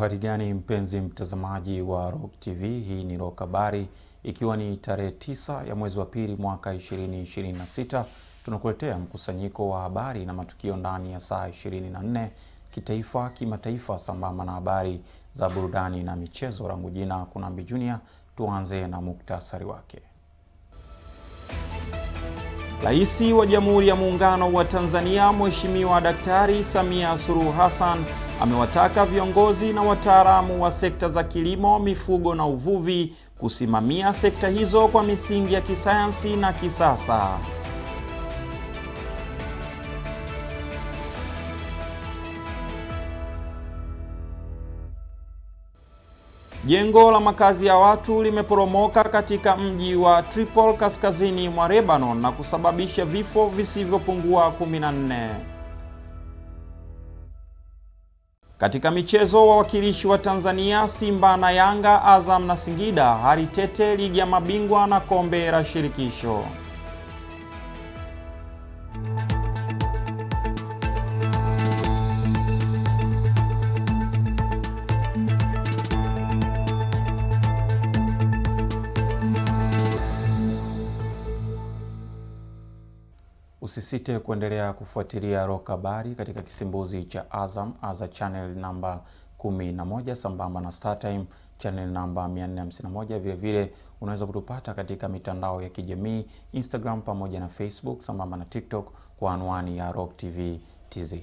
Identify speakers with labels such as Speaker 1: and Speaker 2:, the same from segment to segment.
Speaker 1: Uhali gani mpenzi mtazamaji wa Rock TV, hii ni Rock Habari, ikiwa ni tarehe tisa ya mwezi wa pili mwaka 2026, tunakuletea mkusanyiko wa habari na matukio ndani ya saa 24 kitaifa, kimataifa, sambamba na habari za burudani na michezo. rangu jina Kunambi Junior. Tuanze na muktasari wake. Rais wa Jamhuri ya Muungano wa Tanzania Mheshimiwa Daktari Samia Suluhu Hassan amewataka viongozi na wataalamu wa sekta za kilimo, mifugo na uvuvi kusimamia sekta hizo kwa misingi ya kisayansi na kisasa. Jengo la makazi ya watu limeporomoka katika mji wa Tripoli kaskazini mwa Lebanon na kusababisha vifo visivyopungua 14. Katika michezo, wawakilishi wa Tanzania Simba na Yanga, Azam na Singida haritete ligi ya mabingwa na kombe la shirikisho. Usisite kuendelea kufuatilia rock Habari katika kisimbuzi cha Azam Aza channel namba 11 sambamba na StarTime channel namba 451. Vilevile unaweza kutupata katika mitandao ya kijamii Instagram pamoja na Facebook sambamba na TikTok kwa anwani ya rock TV TZ.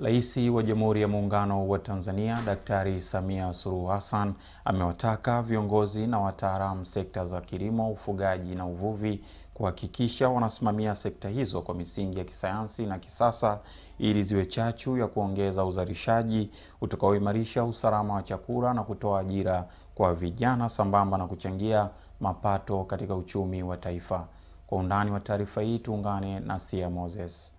Speaker 1: Rais wa Jamhuri ya Muungano wa Tanzania Daktari Samia Suluhu Hassan amewataka viongozi na wataalamu sekta za kilimo, ufugaji na uvuvi kuhakikisha wanasimamia sekta hizo kwa misingi ya kisayansi na kisasa ili ziwe chachu ya kuongeza uzalishaji utakaoimarisha usalama wa chakula na kutoa ajira kwa vijana sambamba na kuchangia mapato katika uchumi wa taifa. Kwa undani wa taarifa hii tuungane na Sia Moses.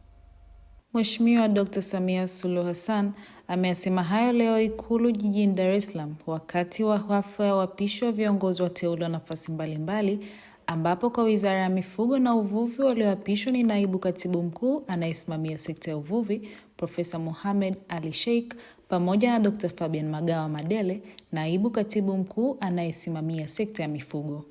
Speaker 2: Mheshimiwa Dr. Samia Suluhu Hassan ameyasema hayo leo Ikulu jijini Dar es Salaam wakati wa hafla ya uapisho wa viongozi wateule wa nafasi mbalimbali ambapo kwa Wizara ya Mifugo na Uvuvi walioapishwa ni Naibu Katibu Mkuu anayesimamia sekta ya uvuvi Profesa Mohamed Ali Sheikh pamoja na Dr. Fabian Magawa Madele, Naibu Katibu Mkuu anayesimamia sekta ya mifugo.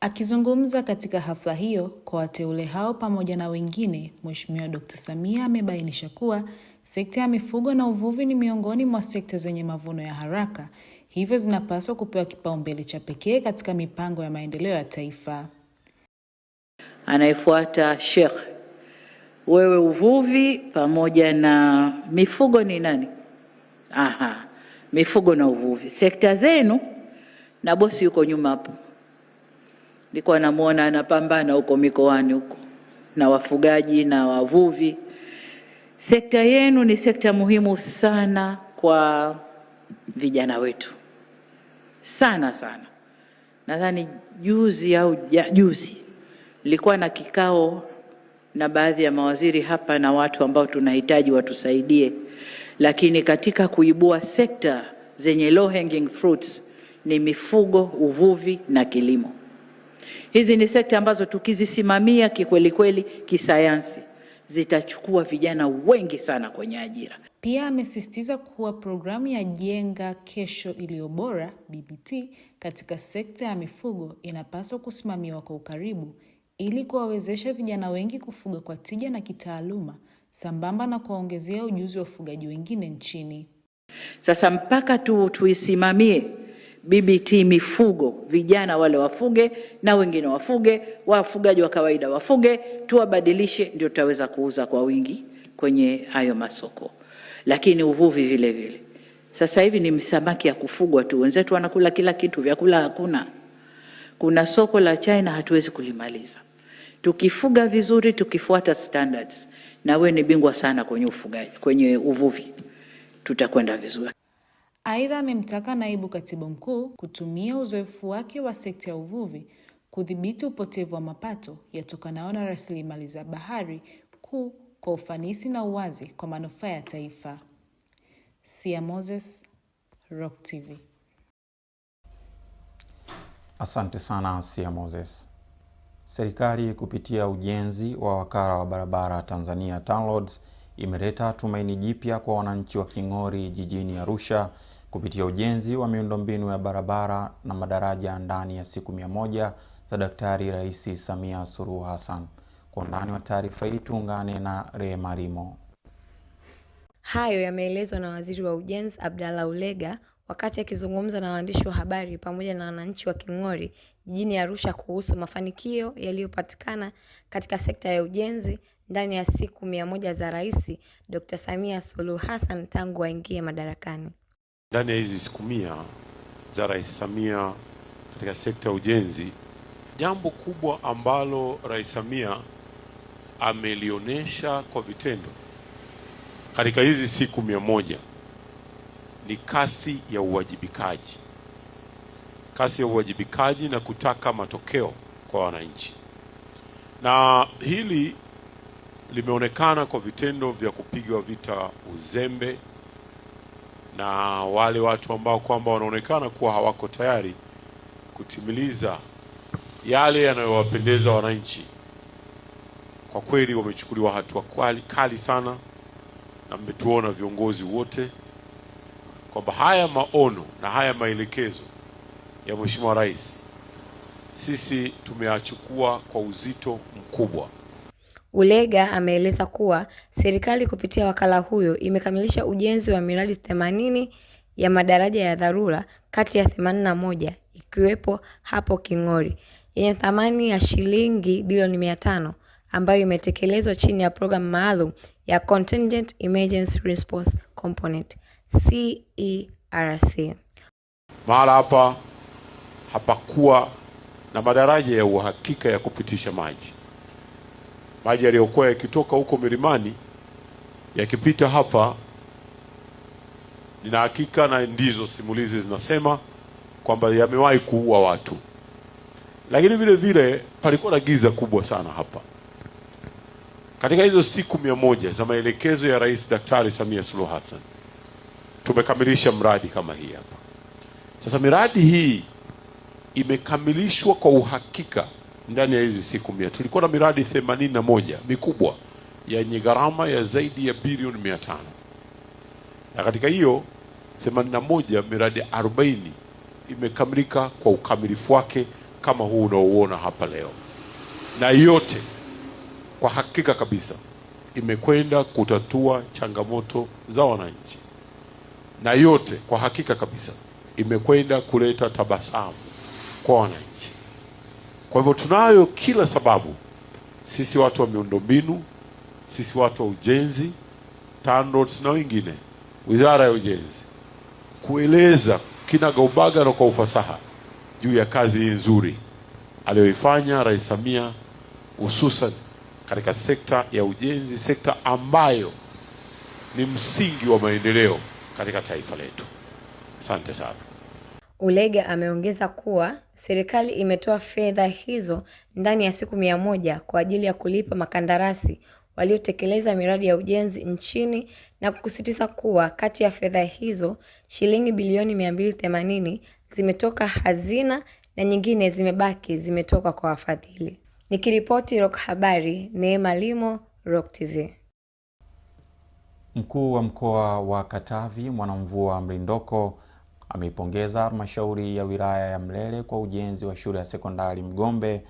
Speaker 2: Akizungumza katika hafla hiyo kwa wateule hao pamoja na wengine, Mheshimiwa Dkt. Samia amebainisha kuwa sekta ya mifugo na uvuvi ni miongoni mwa sekta zenye mavuno ya haraka, hivyo zinapaswa kupewa kipaumbele cha pekee katika mipango ya maendeleo ya taifa.
Speaker 3: Anayefuata Sheikh, wewe uvuvi pamoja na mifugo ni nani? Aha, mifugo na uvuvi, sekta zenu, na bosi yuko nyuma hapo. Nilikuwa namwona anapambana huko mikoani huko na wafugaji na wavuvi. Sekta yenu ni sekta muhimu sana kwa vijana wetu sana sana. Nadhani juzi au juzi nilikuwa na kikao na baadhi ya mawaziri hapa na watu ambao tunahitaji watusaidie, lakini katika kuibua sekta zenye low hanging fruits ni mifugo, uvuvi na kilimo. Hizi ni sekta ambazo tukizisimamia kikweli kweli kisayansi zitachukua vijana wengi sana kwenye ajira.
Speaker 2: Pia amesisitiza kuwa programu ya Jenga Kesho Iliyo Bora BBT katika sekta ya mifugo inapaswa kusimamiwa kwa ukaribu ili kuwawezesha vijana wengi kufuga kwa tija na kitaaluma sambamba na kuwaongezea ujuzi wa ufugaji wengine nchini.
Speaker 3: Sasa mpaka tu tuisimamie BBT Mifugo, vijana wale wafuge na wengine wafuge, wafugaji wa kawaida wafuge, tuwabadilishe, ndio tutaweza kuuza kwa wingi kwenye hayo masoko. Lakini uvuvi vile vile, sasa hivi ni samaki ya kufugwa tu, wenzetu wanakula kila kitu, vyakula hakuna. Kuna soko la China hatuwezi kulimaliza. Tukifuga vizuri, tukifuata standards, na we ni bingwa sana kwenye ufugaji, kwenye uvuvi, tutakwenda vizuri.
Speaker 2: Aidha, amemtaka naibu katibu mkuu kutumia uzoefu wake wa sekta ya uvuvi kudhibiti upotevu wa mapato yatokanayo na rasilimali za bahari kuu kwa ufanisi na uwazi kwa manufaa ya taifa. Sia Moses, Rock TV.
Speaker 1: Asante sana Sia Moses. Serikali kupitia ujenzi wa wakala wa barabara Tanzania TANROADS imeleta tumaini jipya kwa wananchi wa King'ori jijini Arusha kupitia ujenzi wa miundombinu ya barabara na madaraja ndani ya siku mia moja za Daktari Rais Samia Suluhu Hassan. Kwa undani wa taarifa hii tuungane na Rehema Rimo.
Speaker 2: Hayo yameelezwa na Waziri wa Ujenzi Abdalla Ulega wakati akizungumza na waandishi wa habari pamoja na wananchi wa King'ori jijini Arusha kuhusu mafanikio yaliyopatikana katika sekta ya ujenzi ndani ya siku mia moja za Rais Dr. Samia Suluhu Hassan tangu aingie madarakani.
Speaker 4: Ndani ya hizi siku mia za Rais Samia katika sekta ya ujenzi, jambo kubwa ambalo Rais Samia amelionyesha kwa vitendo katika hizi siku mia moja ni kasi ya uwajibikaji, kasi ya uwajibikaji na kutaka matokeo kwa wananchi, na hili limeonekana kwa vitendo vya kupigwa vita uzembe na wale watu ambao kwamba wanaonekana kuwa hawako tayari kutimiliza yale yanayowapendeza wananchi, kwa kweli wamechukuliwa hatua kali sana, na mmetuona viongozi wote kwamba haya maono na haya maelekezo ya Mheshimiwa Rais sisi tumeyachukua kwa uzito mkubwa.
Speaker 2: Ulega ameeleza kuwa serikali kupitia wakala huyo imekamilisha ujenzi wa miradi 80 ya madaraja ya dharura kati ya 81 ikiwepo hapo King'ori yenye thamani ya shilingi bilioni 500 ambayo imetekelezwa chini ya programu maalum ya Contingent Emergency Response Component CERC. E
Speaker 4: Mahala hapa hapakuwa na madaraja ya uhakika ya kupitisha maji maji yaliyokuwa yakitoka huko milimani yakipita hapa, nina hakika na ndizo simulizi zinasema kwamba yamewahi kuua watu, lakini vile vile palikuwa na giza kubwa sana hapa. Katika hizo siku mia moja za maelekezo ya Rais Daktari Samia Suluhu Hassan tumekamilisha mradi kama hii hapa. Sasa miradi hii imekamilishwa kwa uhakika ndani ya hizi siku mia tulikuwa na miradi 81 mikubwa yenye gharama ya zaidi ya bilioni tano na katika hiyo 81 miradi 40 imekamilika kwa ukamilifu wake kama huu unaouona hapa leo, na yote kwa hakika kabisa imekwenda kutatua changamoto za wananchi, na yote kwa hakika kabisa imekwenda kuleta tabasamu kwa wananchi. Kwa hivyo tunayo kila sababu sisi watu wa miundombinu, sisi watu wa ujenzi, TANROADS na wengine, wizara ya ujenzi, kueleza kinagaubaga na kwa ufasaha juu ya kazi hii nzuri aliyoifanya Rais Samia hususan katika sekta ya ujenzi, sekta ambayo ni msingi wa maendeleo katika taifa letu. Asante sana.
Speaker 2: Ulega ameongeza kuwa serikali imetoa fedha hizo ndani ya siku mia moja kwa ajili ya kulipa makandarasi waliotekeleza miradi ya ujenzi nchini na kusisitiza kuwa kati ya fedha hizo, shilingi bilioni 280 zimetoka hazina na nyingine zimebaki zimetoka kwa wafadhili. Nikiripoti Rock Habari, Neema Limo, Rock TV.
Speaker 1: Mkuu wa Mkoa wa Katavi Mwanamvua Mlindoko ameipongeza halmashauri ya wilaya ya Mlele kwa ujenzi wa shule ya sekondari Mgombe,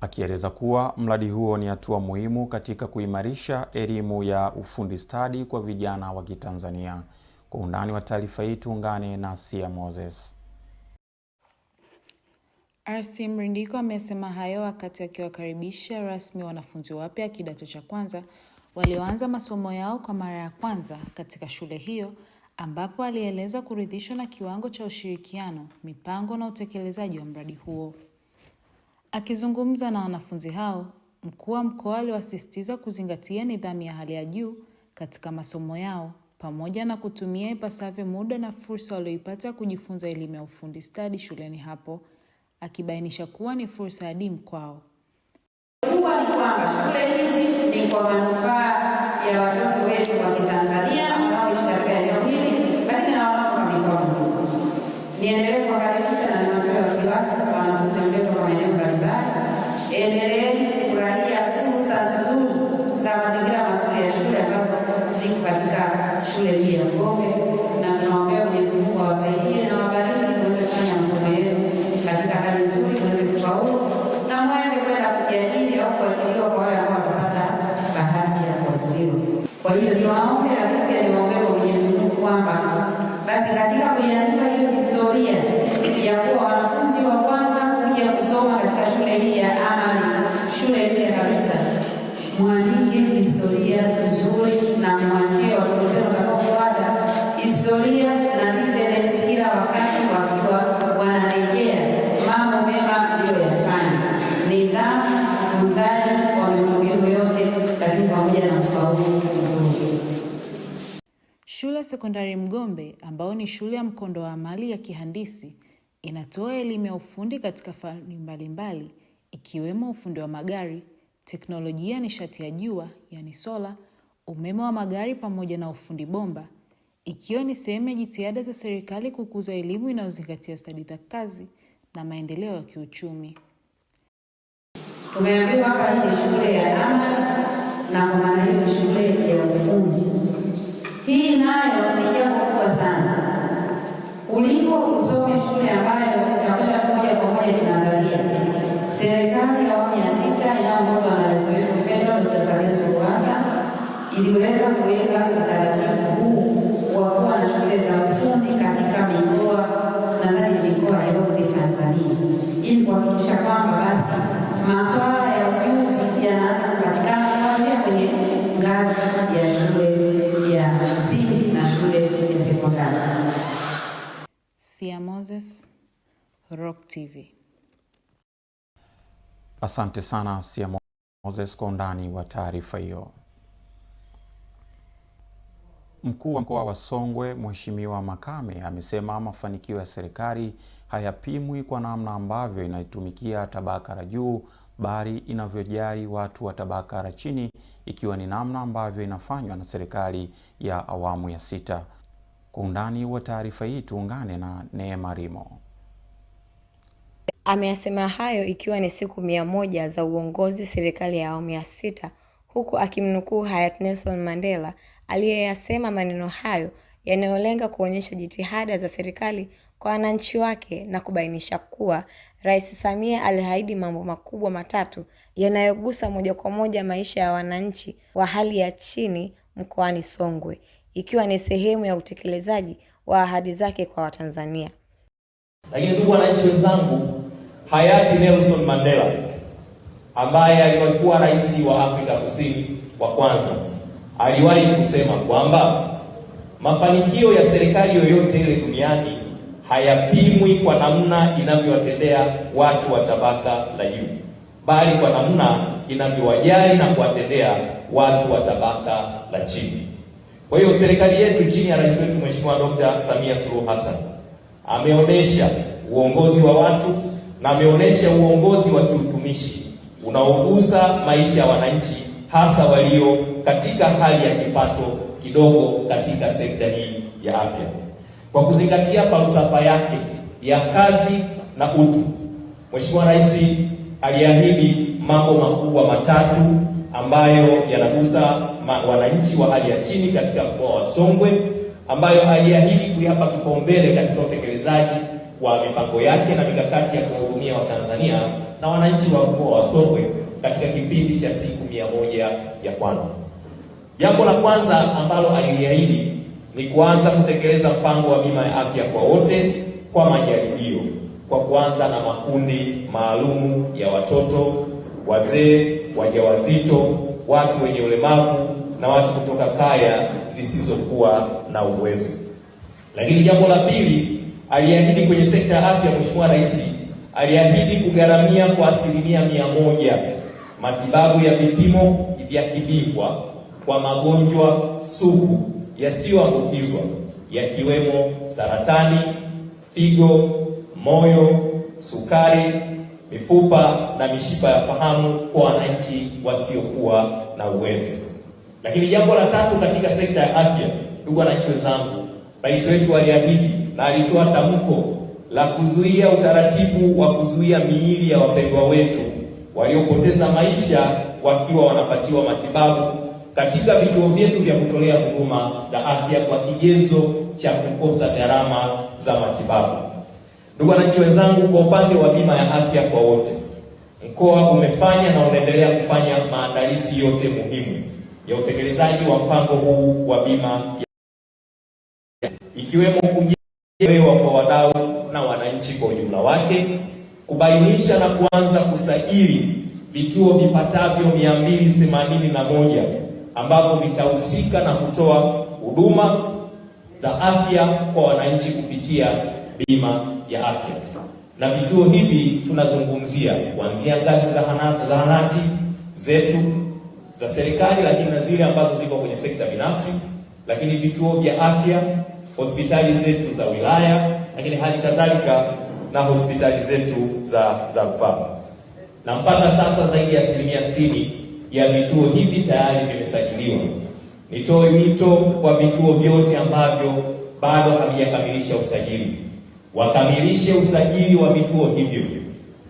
Speaker 1: akieleza kuwa mradi huo ni hatua muhimu katika kuimarisha elimu ya ufundi stadi kwa vijana wa Kitanzania. Kwa undani wa taarifa hii tuungane na Sia Moses.
Speaker 2: RC Mrindiko amesema hayo wakati akiwakaribisha rasmi wanafunzi wapya kidato cha kwanza walioanza masomo yao kwa mara ya kwanza katika shule hiyo ambapo alieleza kuridhishwa na kiwango cha ushirikiano, mipango na utekelezaji wa mradi huo. Akizungumza na wanafunzi hao, mkuu wa mkoa aliwasisitiza kuzingatia nidhamu ya hali ya juu katika masomo yao pamoja na kutumia ipasavyo muda na fursa walioipata kujifunza elimu ya ufundi stadi shuleni hapo, akibainisha kuwa ni fursa adimu kwao
Speaker 5: kubwa ni kwamba shule hizi ni kwa manufaa ya watoto wetu wa Kitanzania wanaoishi katika eneo hili, lakini na watoto wa mikoa mingine. Niendelee kuwakaribisha na niwatoe wasiwasi kwa wanafunzi wetu wa maeneo mbalimbali, endeleeni kufurahia fursa nzuri za mazingira mazuri ya shule ambazo ziko katika shule hii ya Bukombe na tunaombea
Speaker 2: Sekondari Mgombe ambao ni shule ya mkondo wa amali ya kihandisi inatoa elimu ya ufundi katika fani mbalimbali ikiwemo ufundi wa magari, teknolojia ya nishati ya jua yani sola, umeme wa magari pamoja na ufundi bomba, ikiwa ni sehemu ya jitihada za serikali kukuza elimu inayozingatia stadi za kazi na maendeleo ya kiuchumi.
Speaker 5: Tumeambiwa hapa ni shule ya amali na kwa maana hiyo shule ya ufundi hii nayo ni jambo kubwa sana kuliko usome shule ambayo utakwenda moja kwa moja tunaangalia serikali ya awamu ya sita inayoongozwa na Rais wetu mpendwa Dkt. Samia Suluhu Hassan iliweza kuweka utaratibu huu
Speaker 2: Rock TV.
Speaker 1: Asante sana Sia Moses kwa undani wa taarifa hiyo. Mkuu wa mkoa wa Songwe Mheshimiwa Makame amesema mafanikio ya serikali hayapimwi kwa namna ambavyo inaitumikia tabaka la juu bali inavyojali watu wa tabaka la chini, ikiwa ni namna ambavyo inafanywa na serikali ya awamu ya sita. Kwa undani wa taarifa hii tuungane na Neema Rimo.
Speaker 2: Ameyasema hayo ikiwa ni siku mia moja za uongozi serikali ya awamu ya sita huku akimnukuu hayati Nelson Mandela aliyeyasema maneno hayo yanayolenga kuonyesha jitihada za serikali kwa wananchi wake na kubainisha kuwa Rais Samia aliahidi mambo makubwa matatu yanayogusa moja kwa moja maisha ya wananchi wa hali ya chini mkoani Songwe ikiwa ni sehemu ya utekelezaji wa ahadi zake kwa Watanzania.
Speaker 6: Lakini ndugu wananchi wenzangu hayati Nelson Mandela ambaye alikuwa rais wa Afrika Kusini wa kwanza aliwahi kusema kwamba mafanikio ya serikali yoyote ile duniani hayapimwi kwa namna inavyowatendea watu wa tabaka la juu, bali kwa namna inavyowajali na kuwatendea watu wa tabaka la chini. Kwa hiyo serikali yetu chini ya rais wetu Mheshimiwa Dr. Samia Suluhu Hassan ameonyesha uongozi wa watu na ameonyesha uongozi wa kiutumishi unaogusa maisha ya wananchi hasa walio katika hali ya kipato kidogo katika sekta hii ya afya. Kwa kuzingatia falsafa yake ya kazi na utu, Mheshimiwa Rais aliahidi mambo makubwa matatu ambayo yanagusa wananchi wa hali ya chini katika mkoa wa Songwe, ambayo aliahidi kuyapa kipaumbele katika utekelezaji wa mipango yake na mikakati ya kuhudumia Watanzania na wananchi wa mkoa wa Songwe katika kipindi cha siku mia moja ya kwanza. Jambo la kwanza ambalo aliliahidi ni kuanza kutekeleza mpango wa bima ya afya kwa wote kwa majaribio kwa kuanza na makundi maalumu ya watoto, wazee, wajawazito, watu wenye ulemavu na watu kutoka kaya zisizokuwa na uwezo. Lakini jambo la pili Aliahidi kwenye sekta ya afya, Mheshimiwa Rais aliahidi kugharamia kwa asilimia mia moja matibabu ya vipimo vya kibingwa kwa magonjwa sugu yasiyoambukizwa yakiwemo saratani, figo, moyo, sukari, mifupa na mishipa ya fahamu kwa wananchi wasiokuwa na uwezo. Lakini jambo la tatu katika sekta ya afya, ndugu wananchi wenzangu, rais wetu aliahidi na alitoa tamko la kuzuia utaratibu wa kuzuia miili ya wapendwa wetu waliopoteza maisha wakiwa wanapatiwa matibabu katika vituo vyetu vya kutolea huduma za afya kwa kigezo cha kukosa gharama za matibabu. Ndugu wananchi wenzangu, kwa upande wa bima ya afya kwa wote, mkoa umefanya na unaendelea kufanya maandalizi yote muhimu ya utekelezaji wa mpango huu wa bima ya ikiwemo ewa kwa wadau na wananchi kwa ujumla wake kubainisha na kuanza kusajili vituo vipatavyo 281 ambapo vitahusika na kutoa huduma za afya kwa wananchi kupitia bima ya afya. Na vituo hivi tunazungumzia kuanzia ngazi za zahanati zetu za serikali, lakini na zile ambazo ziko kwenye sekta binafsi, lakini vituo vya afya hospitali zetu za wilaya, lakini hali kadhalika na hospitali zetu za za rufaa, na mpaka sasa zaidi ya asilimia 60 ya vituo hivi tayari vimesajiliwa. Nitoe wito kwa vituo vyote ambavyo bado havijakamilisha usajili, wakamilishe usajili wa vituo hivyo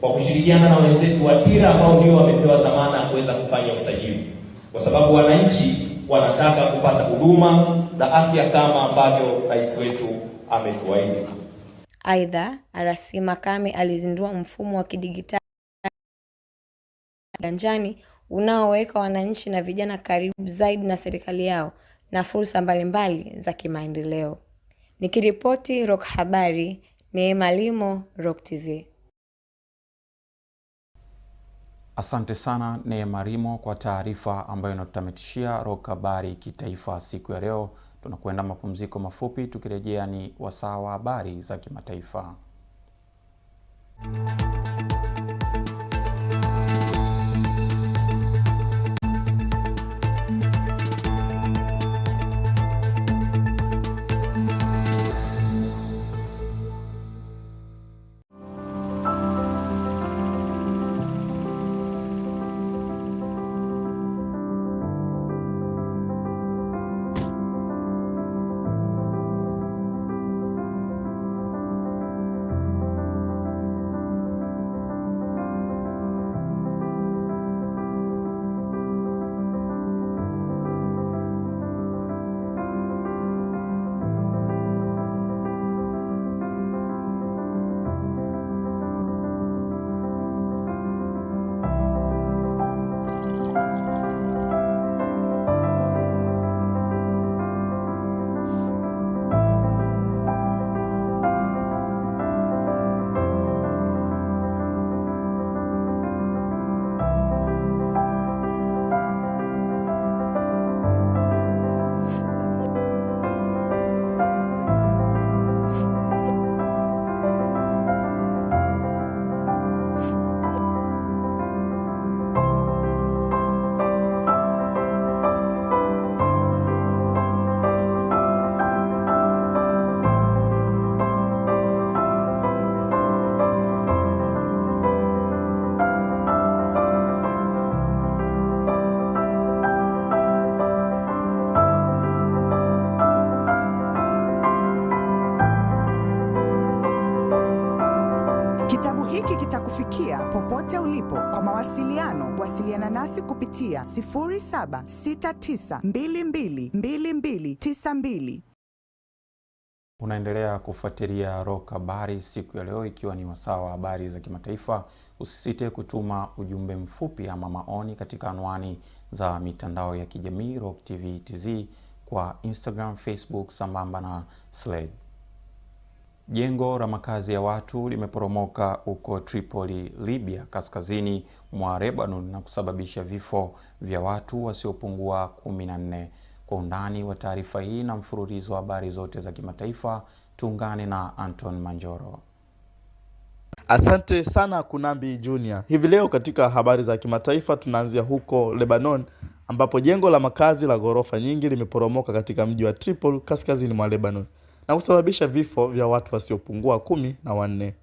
Speaker 6: kwa kushirikiana na wenzetu wa TIRA ambao ndio wamepewa dhamana ya kuweza kufanya usajili, kwa sababu wananchi wanataka kupata huduma na afya kama ambavyo rais wetu ametuahidi.
Speaker 2: Aidha, RC Makame alizindua mfumo wa kidigitali Ganjani unaoweka wananchi na vijana karibu zaidi na serikali yao na fursa mbalimbali za kimaendeleo. Nikiripoti Rock Habari, Neema Limo, Rock TV.
Speaker 1: Asante sana Neema Limo kwa taarifa ambayo inatutamatishia Rock Habari kitaifa siku ya leo. Tunakwenda mapumziko mafupi, tukirejea ni wasaa wa habari za kimataifa.
Speaker 7: mawasiliano, wasiliana nasi kupitia 0769222292.
Speaker 1: Unaendelea kufuatilia rock Habari siku ya leo, ikiwa ni wasaa wa habari za kimataifa. Usisite kutuma ujumbe mfupi ama maoni katika anwani za mitandao ya kijamii rock TV TZ kwa Instagram, Facebook sambamba na Slade. Jengo la makazi ya watu limeporomoka huko Tripoli, Libya, kaskazini mwa Lebanon na kusababisha vifo vya watu wasiopungua kumi na nne. Kwa undani wa taarifa hii na mfululizo wa habari zote za kimataifa, tuungane na Anton Manjoro.
Speaker 8: Asante sana Kunambi Junior. Hivi leo katika habari za kimataifa tunaanzia huko Lebanon ambapo jengo la makazi la ghorofa nyingi limeporomoka katika mji wa Tripoli kaskazini mwa Lebanon na kusababisha vifo vya watu wasiopungua kumi na wanne.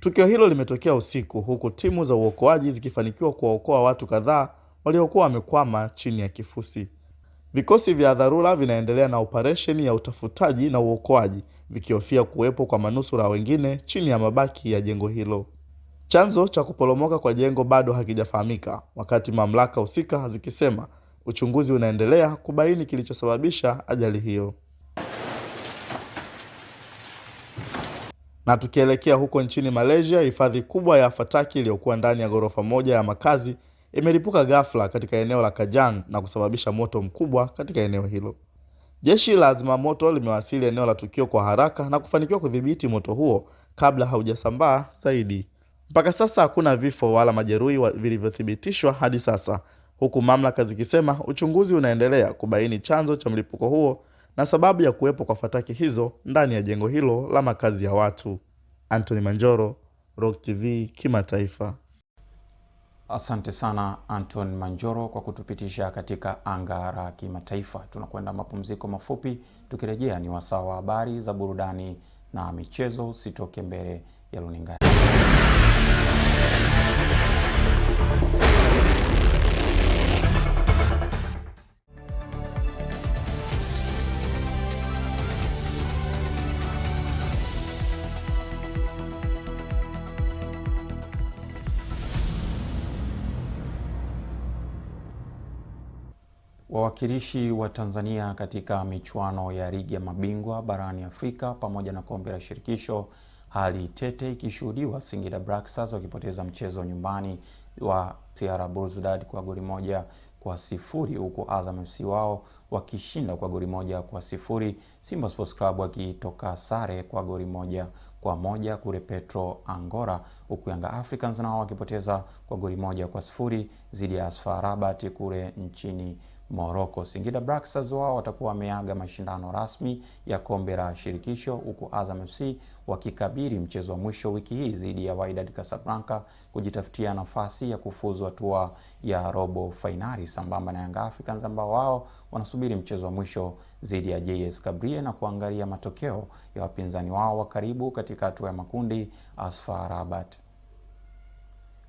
Speaker 9: Tukio hilo limetokea usiku huku timu za uokoaji zikifanikiwa kuwaokoa watu kadhaa waliokuwa wamekwama chini ya kifusi. Vikosi vya dharura vinaendelea na operesheni ya utafutaji na uokoaji vikihofia kuwepo kwa manusura wengine chini ya mabaki ya jengo hilo. Chanzo cha kuporomoka kwa jengo bado hakijafahamika, wakati mamlaka husika zikisema uchunguzi unaendelea kubaini kilichosababisha ajali hiyo. Na tukielekea huko nchini Malaysia, hifadhi kubwa ya fataki iliyokuwa ndani ya ghorofa moja ya makazi imelipuka ghafla katika eneo la Kajan na kusababisha moto mkubwa katika eneo hilo. Jeshi la zimamoto limewasili eneo la tukio kwa haraka na kufanikiwa kudhibiti moto huo kabla haujasambaa zaidi. Mpaka sasa hakuna vifo wala majeruhi wa vilivyothibitishwa hadi sasa, huku mamlaka zikisema uchunguzi unaendelea kubaini chanzo cha mlipuko huo na sababu ya kuwepo kwa fataki hizo ndani ya jengo hilo la makazi ya watu. Anthony Manjoro, TV Kimataifa.
Speaker 1: Asante sana Anton Manjoro kwa kutupitisha katika anga la kimataifa. Tunakwenda mapumziko mafupi, tukirejea ni wasaa wa habari za burudani na michezo. Usitoke mbele ya runinga. Wawakilishi wa Tanzania katika michuano ya ligi ya mabingwa barani Afrika pamoja na kombe la shirikisho, hali tete ikishuhudiwa, Singida Black Stars wakipoteza mchezo nyumbani wa CR Belouizdad kwa goli moja kwa sifuri huku Azam FC wao wakishinda kwa goli moja kwa sifuri, Simba Sports Club wakitoka sare kwa goli moja kwa moja kule Petro Angora, huku Yanga Africans nao wakipoteza kwa goli moja kwa sifuri dhidi ya Asfar Rabat kule nchini Morocco. Singida Black Stars wao watakuwa wameaga mashindano rasmi ya kombe la shirikisho, huku Azam FC wakikabiri mchezo wa mwisho wiki hii dhidi ya Wydad Casablanca kujitafutia nafasi ya kufuzu hatua ya robo fainali, sambamba na Yanga Africans ambao wao wanasubiri mchezo wa mwisho dhidi ya JS Kabylie na kuangalia matokeo ya wapinzani wao wa karibu katika hatua ya makundi, ASFA Rabat.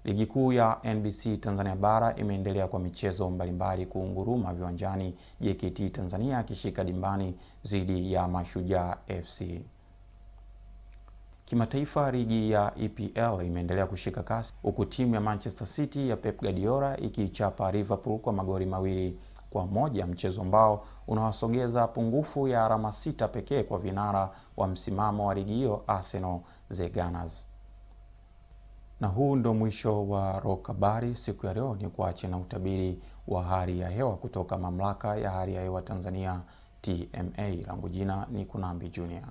Speaker 1: Ligi kuu ya NBC Tanzania bara imeendelea kwa michezo mbalimbali kuunguruma viwanjani, JKT Tanzania akishika dimbani dhidi ya Mashujaa FC. Kimataifa, ligi ya EPL imeendelea kushika kasi huku timu ya Manchester City ya Pep Guardiola ikiichapa Liverpool kwa magoli mawili kwa moja, mchezo ambao unawasogeza pungufu ya alama sita pekee kwa vinara wa msimamo wa ligi hiyo Arsenal the Gunners. Na huu ndo mwisho wa Roc Habari siku ya leo. Ni kuache na utabiri wa hali ya hewa kutoka Mamlaka ya Hali ya Hewa Tanzania TMA. Langu jina ni Kunambi Junior.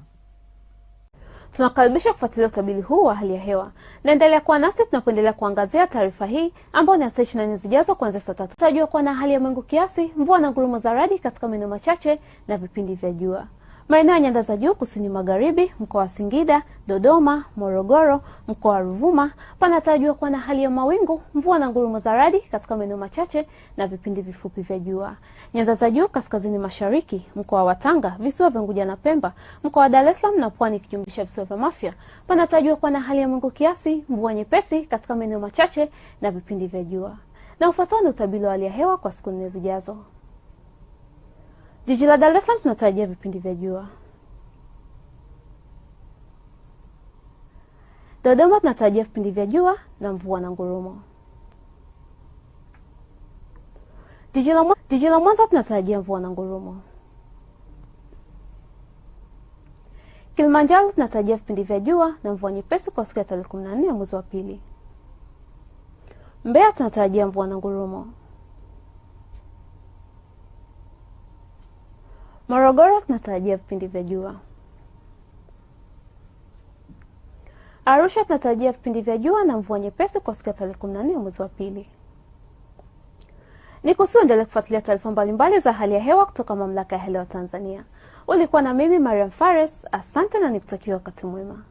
Speaker 10: Tunakaribisha kufuatilia utabiri huu wa hali ya hewa. Naendelea kuwa nasi tunapoendelea kuangazia taarifa hii ambayo ni saa 24 zijazo kuanzia saa tatu. Tutajua kuwa na hali ya mawingu kiasi, mvua na ngurumo za radi katika maeneo machache na vipindi vya jua maeneo ya nyanda za juu kusini magharibi, mkoa wa Singida, Dodoma, Morogoro, mkoa wa Ruvuma panatarajiwa kuwa na hali ya mawingu, mvua na ngurumo za radi katika maeneo machache na vipindi vifupi vya jua. Nyanda za juu kaskazini mashariki, mkoa wa Tanga, visiwa vya Unguja na Pemba, mkoa wa Dar es Salaam na pwani ikijumlisha visiwa vya Mafia panatarajiwa kuwa na hali ya mawingu kiasi, mvua nyepesi katika maeneo machache na vipindi vya jua. Na ufuatao ni utabiri wa hali ya hewa kwa siku nne zijazo. Jiji la Dar es Salaam tunatarajia vipindi vya jua. Dodoma tunatarajia vipindi vya jua na mvua na ngurumo. Jiji la Mwanza tunatarajia mvua na ngurumo. Kilimanjaro tunatarajia vipindi vya jua na mvua nyepesi kwa siku ya tarehe 14 ya mwezi wa pili. Mbeya tunatarajia mvua na ngurumo. Morogoro tunatarajia vipindi vya jua. Arusha tunatarajia vipindi vya jua na mvua nyepesi kwa siku ya tarehe 14 mwezi wa pili. Nikusihi uendelee kufuatilia taarifa mbalimbali za hali ya hewa kutoka Mamlaka ya Hewa Tanzania. Ulikuwa na mimi Mariam Fares, asante na nikutakia wakati mwema.